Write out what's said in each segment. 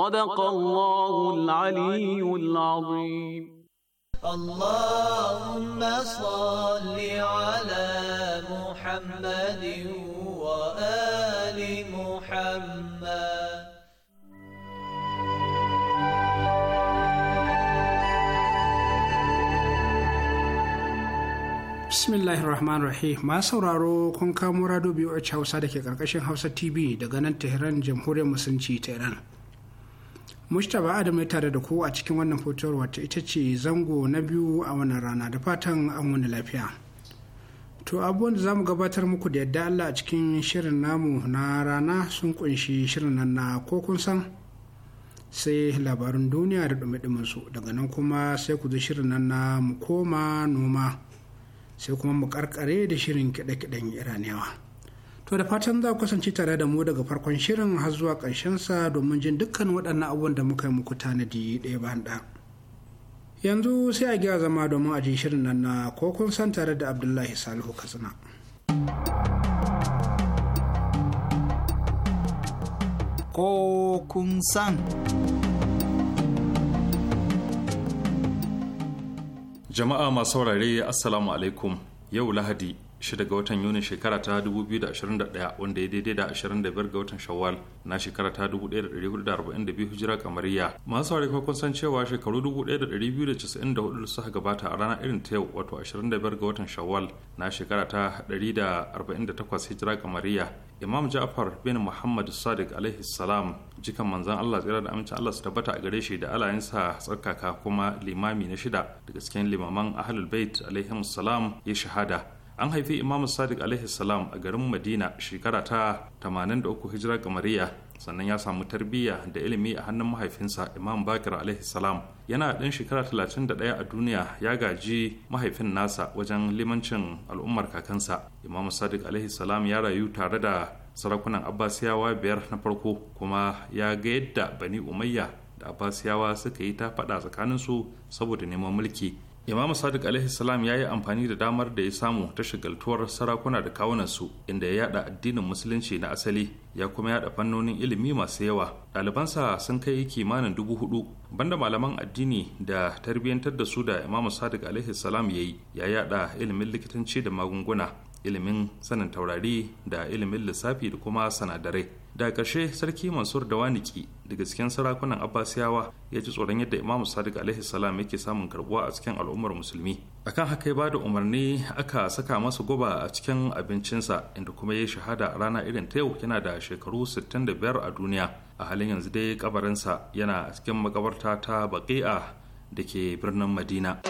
صدق الله العلي العظيم اللهم صل على محمد وآل محمد bismillahir rahmanir rahim ma sauraro kun kamo rado biyu a hausa da ke karkashin hausa tv daga nan tehran jamhuriyar musulunci ta iran Mustapha Adamu ya tare da ku a cikin wannan fotowar wata ita ce zango na biyu a wannan rana da fatan an wani lafiya. To abubuwan da za mu gabatar muku da yadda Allah a cikin shirin namu na rana sun kunshi shirin nan na ko kun san sai labarin duniya da dumi su daga nan kuma sai ku ji shirin nan na mu koma noma sai kuma mu karkare da shirin kiɗe-kiɗen iraniyawa. To da fatan za ku kasance tare da mu daga farkon shirin har zuwa sa domin jin dukkan waɗannan abubuwan da muka yi muku tanadi ɗaya bayan ɗaya. Yanzu sai a gyara zama domin a ji shirin nan na ko kun san tare da Abdullahi Salihu Katsina. Ko kun san. Jama'a masu saurare Assalamu alaikum yau Lahadi 6 ga watan yuni shekara ta 2021 wanda ya daidai da 25 ga watan shawwal na shekara ta 1442 hijira kamariya masu saurari ko kun san cewa shekaru 1294 suka gabata a ranar irin ta yau wato 25 ga watan shawwal na shekara ta 148 hijira kamariya imam ja'far bin muhammad sadiq alaihi salam jikan manzan allah tsira da amincin allah su tabbata a gare shi da alayensa tsarkaka kuma limami na shida daga cikin limaman ahlul bait alaihi salam ya shahada an haifi imamu sadiq alaihi salam a garin madina shekara ta 83 hijira kamariya sannan ya samu tarbiyya da ilimi a hannun mahaifinsa imam bakir alaihi salam yana ɗan shekara 31 a duniya ya gaji mahaifin nasa wajen limancin al'ummar kakansa imamu sadiq alaihi salam ya rayu tare da sarakunan abbasiyawa biyar na farko kuma ya ga yadda bani umayya da abbasiyawa suka yi ta faɗa tsakaninsu saboda neman mulki imam sadiq alaihi salam ya yi amfani da damar da ya samu ta shigaltuwar sarakuna da kawunansu inda ya yada addinin musulunci na asali ya kuma yada fannonin ilimi masu yawa ɗalibansa sun kai kimanin dubu hudu banda malaman addini da tarbiyyantar da su da imam sadiq alaihi salam ya yi ya yada ilimin likitanci da magunguna ilimin sanin taurari da ilimin lissafi da kuma sanadarai da ƙarshe sarki mansur da waniki daga cikin sarakunan abbasiyawa ya ji tsoron yadda imamu sadiq alaihi salam yake samun karbuwa a cikin al'ummar musulmi akan haka ya bada umarni aka saka masa guba a cikin abincinsa inda kuma ya shahada a rana irin ta yau yana da shekaru 65 a duniya a halin yanzu dai kabarinsa yana cikin makabarta ta baqi'a da ke birnin madina.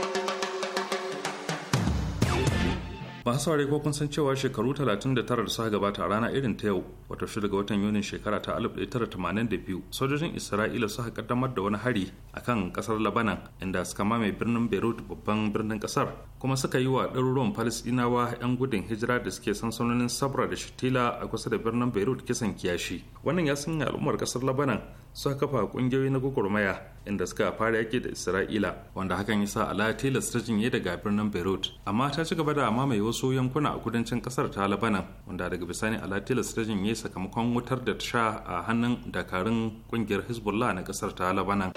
masu saurari ko kun san cewa shekaru 39 da suka gabata a rana irin ta yau wato shi daga watan yunin shekara ta 1982 sojojin isra'ila suka kaddamar da wani hari a kan kasar labanan inda suka mame birnin beirut babban birnin kasar kuma suka yi wa ɗaruruwan palestinawa 'yan gudun hijira da suke sansanonin sabra da shitila a kusa da birnin beirut kisan kiyashi wannan ya sanya al'ummar kasar labanan sun kafa kungiyoyi na gwagwarmaya inda suka fara yaki da isra'ila wanda hakan ya sa ala tilas ta jinye daga birnin beirut amma ta ci gaba da mamaye wasu yankuna a kudancin kasar ta labanan wanda daga bisani ala tilas ta jinye sakamakon wutar da ta sha a hannun dakarun kungiyar hezbollah na kasar ta labanan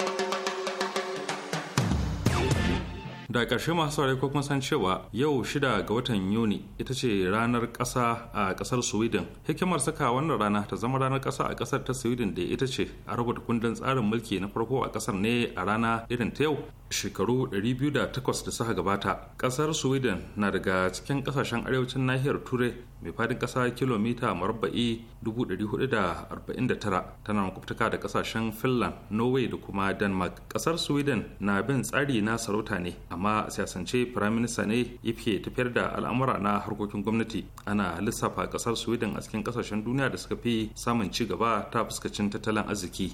da ƙarshe masu saurari ko kuma san cewa yau shida ga watan yuni ita ce ranar ƙasa a ƙasar sweden hikimar saka wannan rana ta zama ranar ƙasa a ƙasar ta sweden da ita ce a rubuta kundin tsarin mulki na farko a ƙasar ne a rana irin ta yau shekaru 208 da suka gabata ƙasar sweden na daga cikin ƙasashen arewacin nahiyar turai mai fadin kasa kilomita marabba'i 449 tana makwabtaka da kasashen finland norway da kuma denmark ƙasar sweden na bin tsari na sarauta ne amma a siyasance firaminista ne yake tafiyar da al'amura na harkokin gwamnati ana lissafa ƙasar sweden a cikin kasashen duniya da suka fi samun ci gaba ta fuskacin tattalin arziki.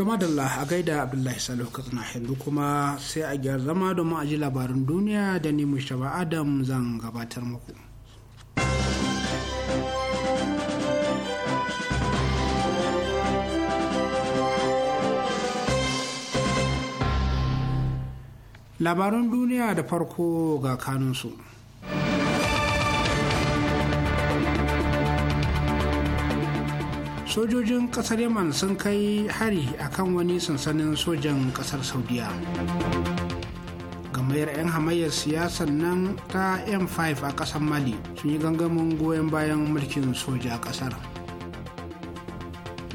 To madalla a gaida Abdullahi salo Katsina hindu kuma sai a gyar zama domin a ji labarin duniya da ni mushaba Adam zan gabatar muku. Labaran duniya da farko ga kanunsu. sojojin kasar yaman sun kai hari akan wani sansanin sojan kasar saudiya gamayar 'yan hamayyar siyasar nan ta m5 a kasar mali sun yi gangamin goyon bayan mulkin soja a kasar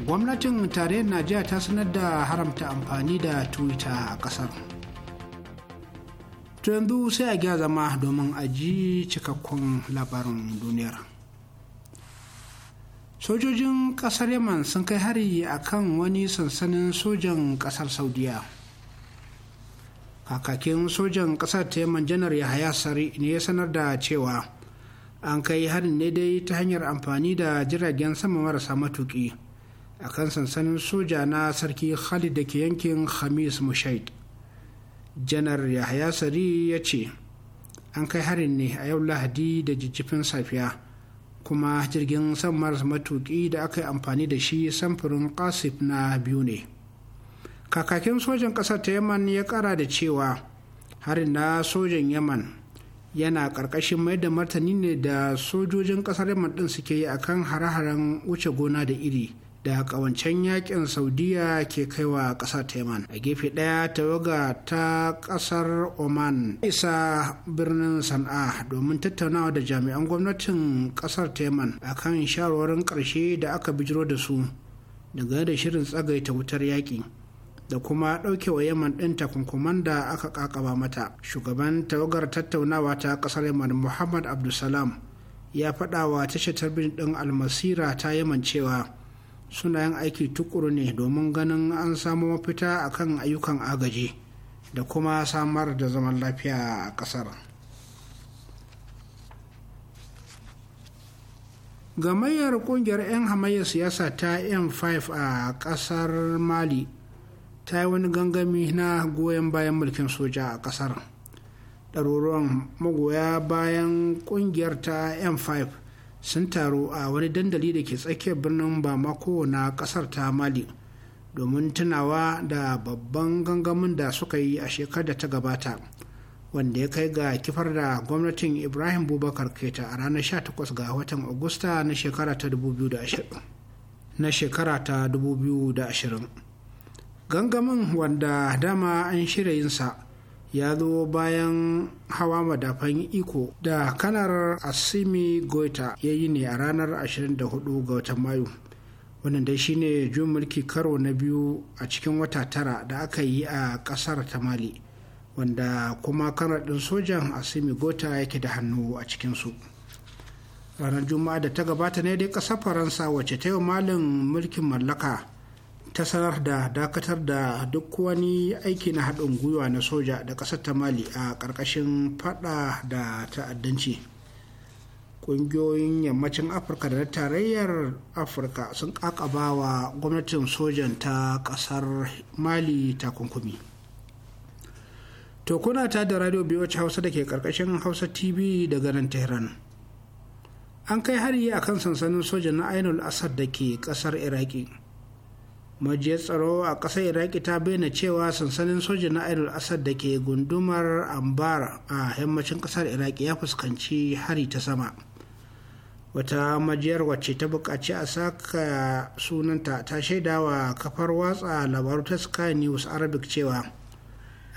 gwamnatin tarayyar najeriya ta sanar da haramta amfani da twitter a kasar to yanzu sai a gya zama domin aji cikakkun labarin duniyar. sojojin kasar yaman sun kai hari a kan wani sansanin sojan kasar saudiya kakakin sojan kasar ta yaman janar yahaya sari ne ya sanar da cewa an kai harin ne dai ta hanyar amfani da jiragen sama marasa matuki a kan sansanin soja na sarki khalid da ke yankin Khamis mushaid janar yahaya sari ya ce an kai harin ne a yau lahadi da jijjifin safiya kuma jirgin san maras matuki da aka yi amfani da shi samfurin kasif na biyu ne kakakin sojan ƙasar ta yaman ya ƙara da cewa harin na sojan yaman yana ƙarƙashin mai da martani ne da sojojin ƙasar yaman ɗin suke yi akan hare-haren wuce gona da iri da kawancen yakin saudiya ke kaiwa ƙasar taiman a gefe ɗaya tawaga ta ƙasar oman isa birnin sana'a domin tattaunawa da jami'an gwamnatin ƙasar taiman A akan shawarwarin ƙarshe da aka bijiro da su daga da shirin tsagaita wutar yaƙi da kuma ɗauke wa yaman ɗin takunkuman da aka ƙaƙaba mata shugaban tawagar tattaunawa ta ƙasar yaman muhammad abdulsalam ya faɗa wa tashar tarbin ɗin almasira ta yaman cewa suna yin aiki tukuru ne domin ganin an samu mafita a kan ayyukan agaji da kuma samar da zaman lafiya a ƙasar gamayyar kungiyar 'yan hamayyar siyasa ta m5 a ƙasar mali ta yi wani gangami na goyon bayan mulkin soja a ƙasar ɗaruruwan magoya bayan kungiyar ta m5 sun taru a wani dandali da ke tsakiyar birnin bamako na kasar ta mali domin tunawa da babban gangamin da suka yi a shekarar da ta gabata wanda ya kai ga kifar da gwamnatin ibrahim bubakar keta a ranar 18 ga watan agusta na shekara ta 2020 gangamin wanda dama an shirya yinsa ya zo bayan hawa madafan iko da kanar asimi goita ya yi ne a ranar 24 ga watan mayu wannan dai shine juyin mulki karo na biyu a cikin wata tara da aka yi a kasar tamali, wanda kuma kanar ɗin sojan asimi goita yake da hannu a cikinsu ranar juma'a da ta gabata ne dai ƙasar faransa wacce ta yi malin mulkin mallaka ta sanar da dakatar da duk wani aiki na haɗin gwiwa na soja da ƙasar ta mali a ƙarƙashin fada da ta'addanci ƙungiyoyin yammacin afirka da na tarayyar afirka sun ƙaƙaba wa gwamnatin sojan ta ƙasar mali takunkumi to kuna ta da radio biyu hausa da ke ƙarƙashin hausa tv daga nan tehran an kai hari a kan sansanin soja na ainul asad da ke ƙasar iraki majiyar tsaro a ƙasar iraki ta bayyana cewa sansanin soja na idol asad da ke gundumar ambar a yammacin ƙasar iraki ya fuskanci hari ta sama wata majiyar wacce ta buƙaci a saka sunanta ta shaida wa kafar watsa labaru ta sky news arabic cewa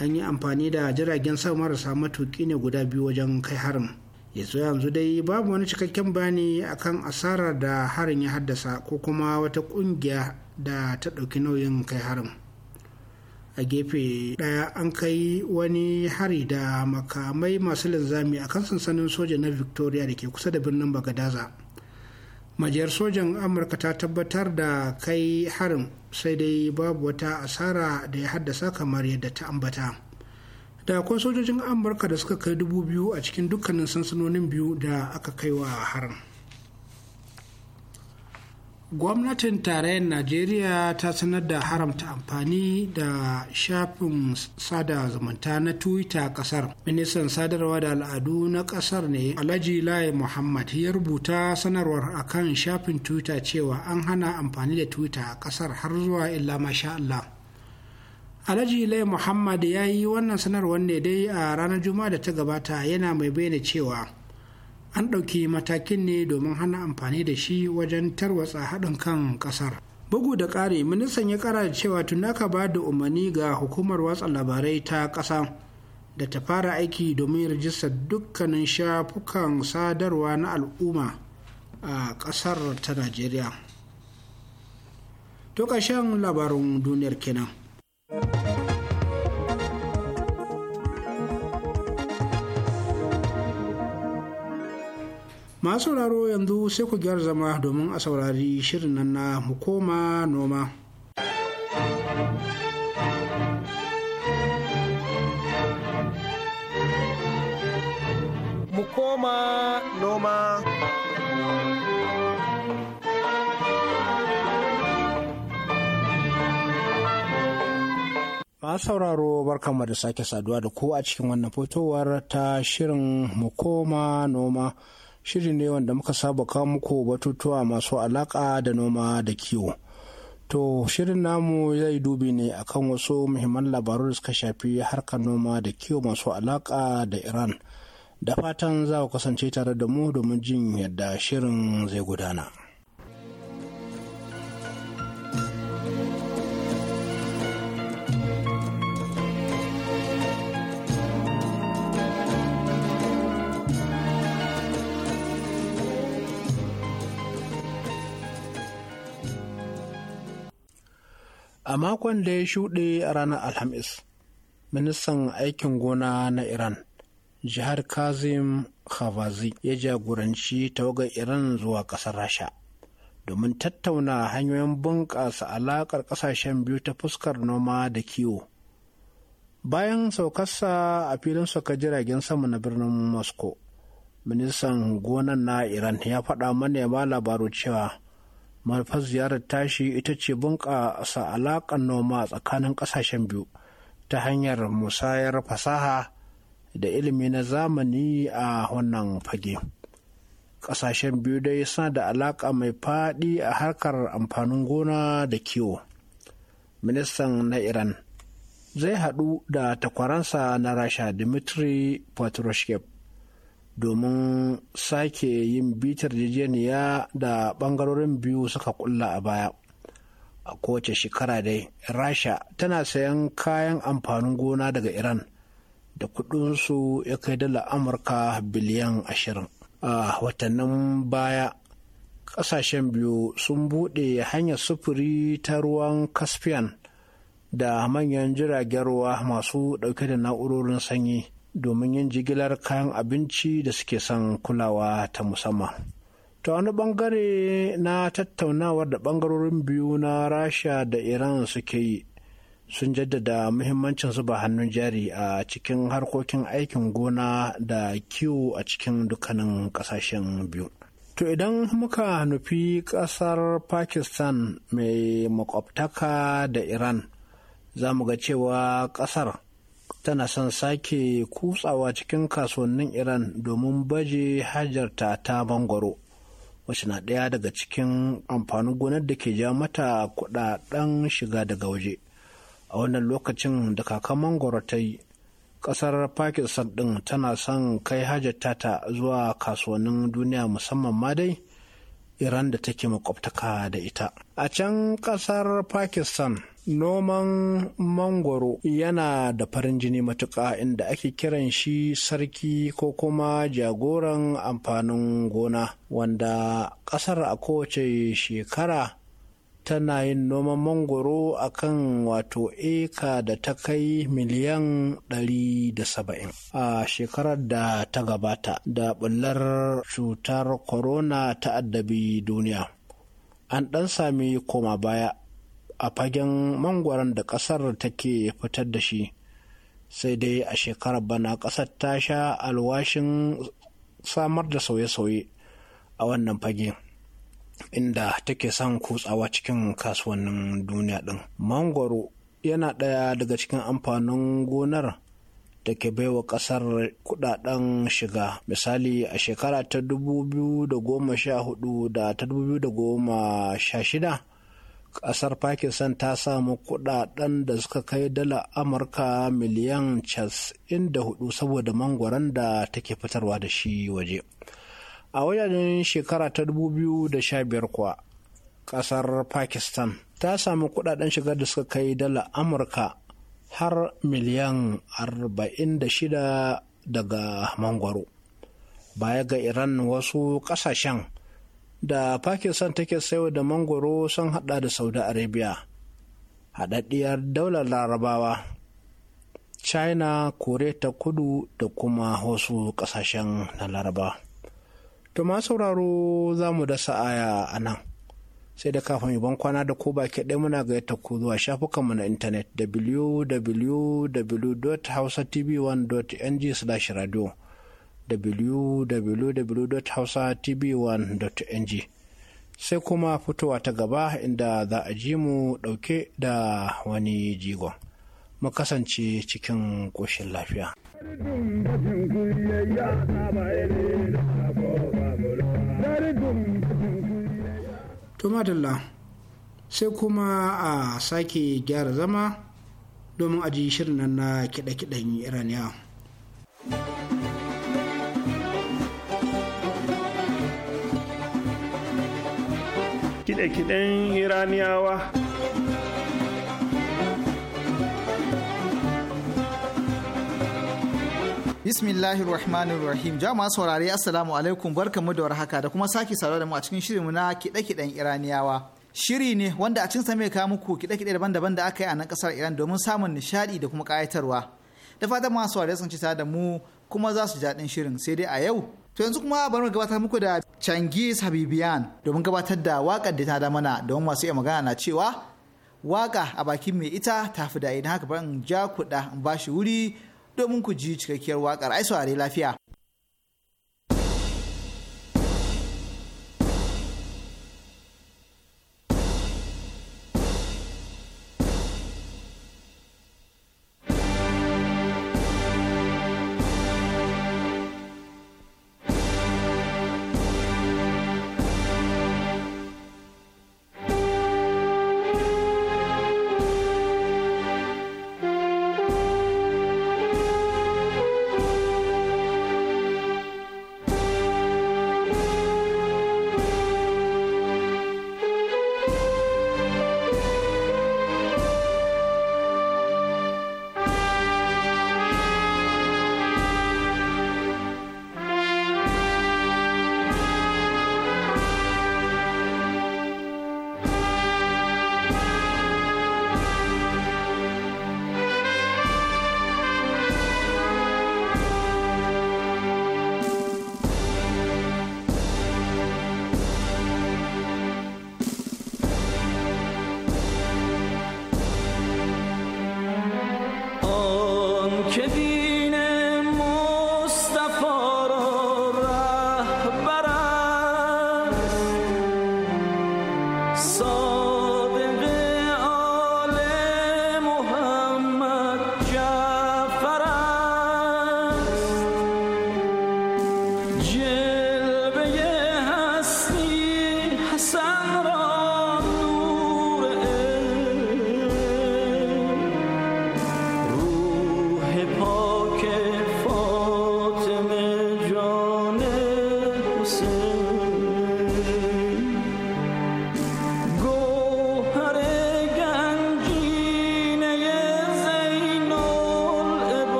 an yi amfani da jiragen sama marasa matuƙi ne guda biyu wajen kai harin yanzu yanzu dai babu wani cikakken bayani akan asarar da harin ya haddasa ko kuma wata ƙungiya da ta ɗauki nauyin kai harin a gefe ɗaya an kai wani hari da makamai masu linzami a kan sansanin soja na victoria da ke kusa da birnin bagadaza majiyar sojan amurka ta tabbatar da kai harin sai dai babu wata asara da ya haddasa kamar yadda ta ambata da akwai sojojin amurka da suka kai dubu biyu a cikin dukkanin sansanonin biyu da aka kai wa harin gwamnatin tarayyar najeriya ta sanar da haramta amfani da shafin sada zumunta na twitter kasar ministan sadarwa da al'adu na kasar ne alhaji lai muhammad ya rubuta sanarwar akan shafin twitter cewa an hana amfani da twitter a kasar har zuwa illa masha allah alhaji lai muhammad ya yi wannan sanarwar ne dai a ranar juma'a da ta gabata yana mai bayyana cewa an ɗauki matakin ne domin hana amfani da shi wajen tarwatsa haɗin kan ƙasar bugu da ƙari ministan ya ƙara da cewa tun aka ba da umarni ga hukumar watsa labarai ta ƙasa da ta fara aiki domin rajistar dukkanin shafukan sadarwa na al'umma a ƙasar ta najeriya to ƙarshen labarin duniyar kenan. masu sauraro yanzu sai ku gyara zama domin a saurari shirin nan na mu koma noma mu noma masu sauraro barkanmu da sake saduwa da ku a cikin wannan fitowar ta shirin mukoma noma shiri ne wanda muka saba kawo muku batutuwa masu alaka da noma da kiwo. To shirin namu zai dubi ne akan wasu muhimman labaru da suka shafi harkar noma da kiwo masu alaka da Iran. Da fatan za ku kasance tare da mu domin jin yadda shirin zai gudana. A makon da ya shuɗe a ranar Alhamis, ministan aikin gona na Iran, jihar Kazim Khavazi ya jagoranci tawagar Iran zuwa ƙasar Rasha. Domin tattauna hanyoyin bunƙasa alaƙar ƙasashen biyu ta fuskar noma da kiwo. Bayan saukarsa a filin sauka jiragen sama na birnin Moscow, ministan gonan na Iran ya faɗa ya ba labaru cewa manufar ziyarar tashi ita ce bunƙasa alaƙar noma tsakanin ƙasashen biyu ta hanyar musayar fasaha da ilimi na zamani a wannan fage ƙasashen biyu dai suna da alaƙa mai faɗi a harkar amfanin gona da kiwo ministan na iran zai haɗu da takwaransa na rasha dmitry patrushev domin sake yin bitar jijeniya da bangarorin biyu suka kulla a baya a kowace shekara dai rasha tana sayan kayan amfanin gona daga iran da kudinsu ya kai dala amurka biliyan ashirin a watannin baya kasashen biyu sun bude hanyar sufuri ta ruwan caspian da manyan jiragen ruwa masu dauke da na'urorin sanyi domin yin jigilar kayan abinci da suke son kulawa ta musamman. Ta wani bangare na tattaunawar da bangarorin biyu na Rasha da Iran suke yi sun jaddada muhimmancin zuba hannun jari a cikin harkokin aikin gona da kiwo a cikin dukkanin kasashen biyu. To idan muka nufi ƙasar Pakistan mai makwabtaka da Iran, za mu ga cewa ƙasar tana son sake kutsawa cikin kasuwannin iran domin baje hajarta ta mangoro. wacce na ɗaya daga cikin amfanin gonar da ke ja mata kuɗaɗen shiga daga waje a wannan lokacin da kakan mangoro ta yi ƙasar pakistan ɗin tana son kai hajarta ta zuwa kasuwannin duniya musamman ma dai iran da take makwabtaka da ita a can ƙasar pakistan noman mangoro yana da farin jini matuƙa inda ake kiran shi sarki ko kuma jagoran amfanin gona wanda ƙasar a kowace shekara tana yin noman mangoro a kan wato eka da ta kai miliyan 170 a shekarar da ta gabata da bullar cutar corona ta addabi duniya an ɗan sami koma baya a fagen mangwaron da ƙasar take fitar da shi sai dai a shekarar bana ƙasar ta sha alwashin samar da sauye-sauye a wannan fage inda take son kutsawa cikin kasuwannin duniya ɗin mangwaro yana ɗaya daga cikin amfanin gonar da ke baiwa ƙasar kudaden shiga misali a shekara ta 2014 da ta 2016 kasar pakistan ta samu kudaden da suka kai dala amurka miliyan hudu saboda mangwaran da take fitarwa da shi waje a wajen shekara ta 2015 kuwa kasar pakistan ta samu kudaden shigar da suka kai dala amurka har miliyan 46 daga mangwaro baya ga iran wasu kasashen da pakistan take sayo da mangoro sun hada da saudi arabia haɗaɗɗiyar daular larabawa china kore ta kudu da kuma wasu ƙasashen na larabawa to ma sauraro za mu dasa aya a nan sai da kafin yi kwana da ko baki ɗaya muna ga gayyata ku zuwa shafukanmu na intanet www.hausatv1.ng/radio www.hausatv1.ng sai kuma fitowa ta gaba inda za a ji mu ɗauke da wani jigon. Mu kasance cikin ƙoshin lafiya. To sai kuma a sake gyara zama domin aji shirin nan na kiɗa kiɗen iraniya. kide-kiden iraniyawa bismillahir rahmanir rahim jama saurare assalamu alaikum barkamu da warhaka da kuma sake saurare da mu a cikin shirinmu na kide-kiden iraniyawa shiri ne wanda a cikin mai kawo muku kide-kide daban-daban da aka yi a nan kasar iran domin samun nishadi da kuma kayatarwa da fatan masu saurare sun ci da mu kuma za su ji daɗin shirin sai dai a yau To yanzu kuma bari mu gabatar muku da Changiz habibian domin gabatar da waƙar da ta da mana don masu iya magana na cewa waƙa a bakin mai ita ta fi da idan haka bari in ja kuɗa in ba shi wuri domin ku ji cikakkiyar waƙar ai saurare lafiya.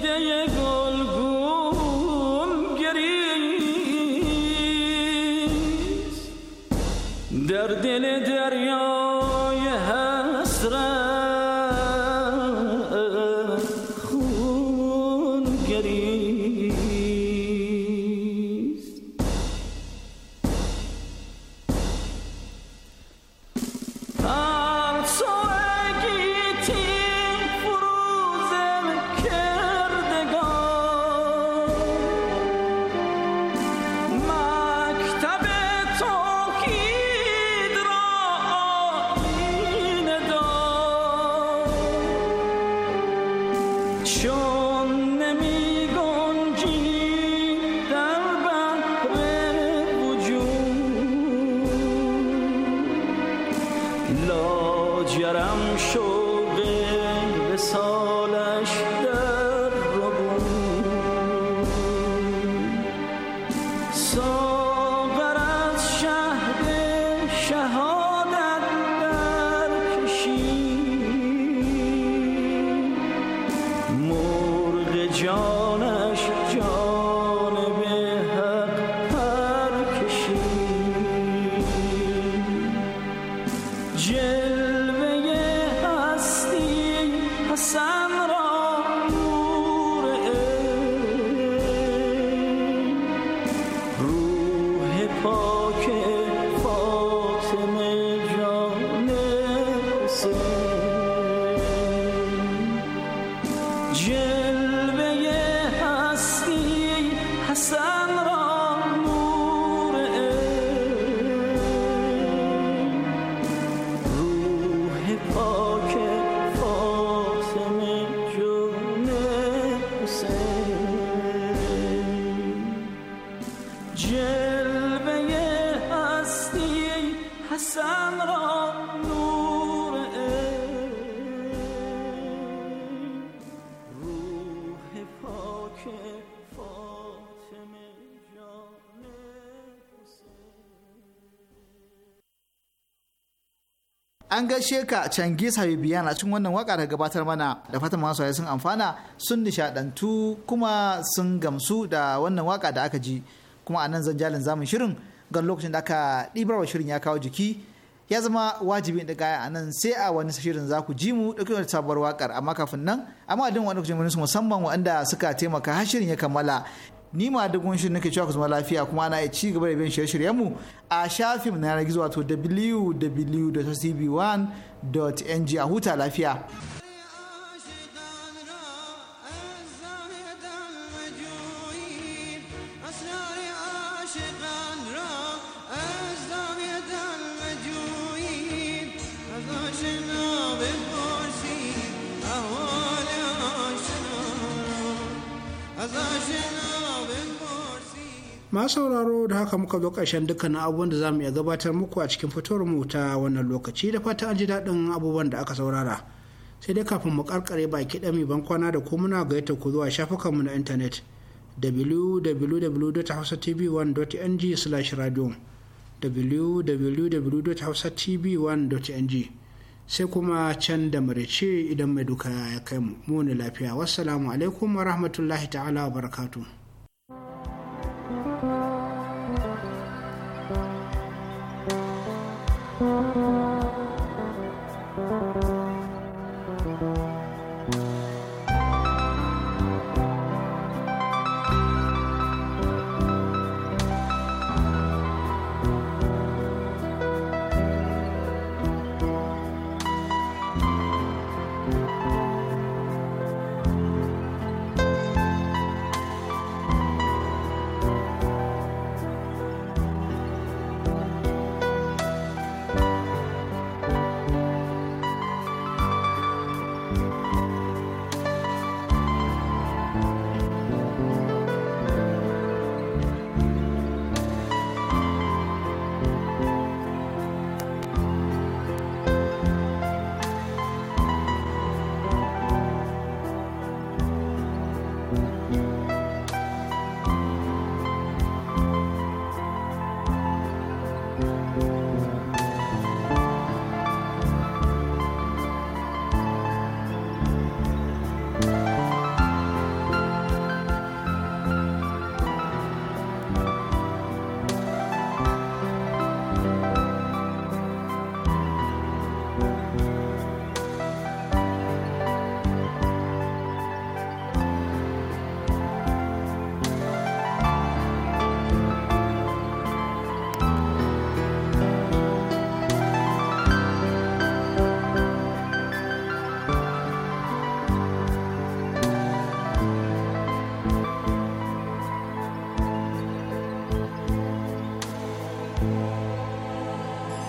的夜空。لاجرم شوق وسال an gaishe ka Cengiz Habibiyan a cikin wannan waka da gabatar mana da fatan masu sun amfana sun nishadantu kuma sun gamsu da wannan waka da aka ji kuma a nan zanjalin zamun shirin gan lokacin da aka ɗibarwa shirin ya kawo jiki ya zama wajibi da gaya a nan sai a wani shirin za ku ji mu ɗauki wani sabuwar wakar amma kafin nan amma din wani lokacin musamman waɗanda suka taimaka har shirin ya kammala ni ma wani shirin nake cewa ku zama lafiya kuma na ci gaba da bin shirye-shiryen mu a shafin na yanar gizo wato www.cb1.ng a huta lafiya. sauraro da haka muka zo ƙarshen dukkanin abubuwan da za mu iya gabatar muku a cikin fitowar mu ta wannan lokaci da fata an ji daɗin abubuwan da aka saurara sai dai kafin mu karkare baki mi ban kwana da ko muna gaita ku zuwa shafukanmu na intanet www.hausatv1.ng/radio www.hausatv1.ng sai kuma can da marice idan mai duka ya kai mu muni lafiya wassalamu alaikum wa rahmatullahi ta'ala wa barakatuh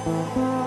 Thank you.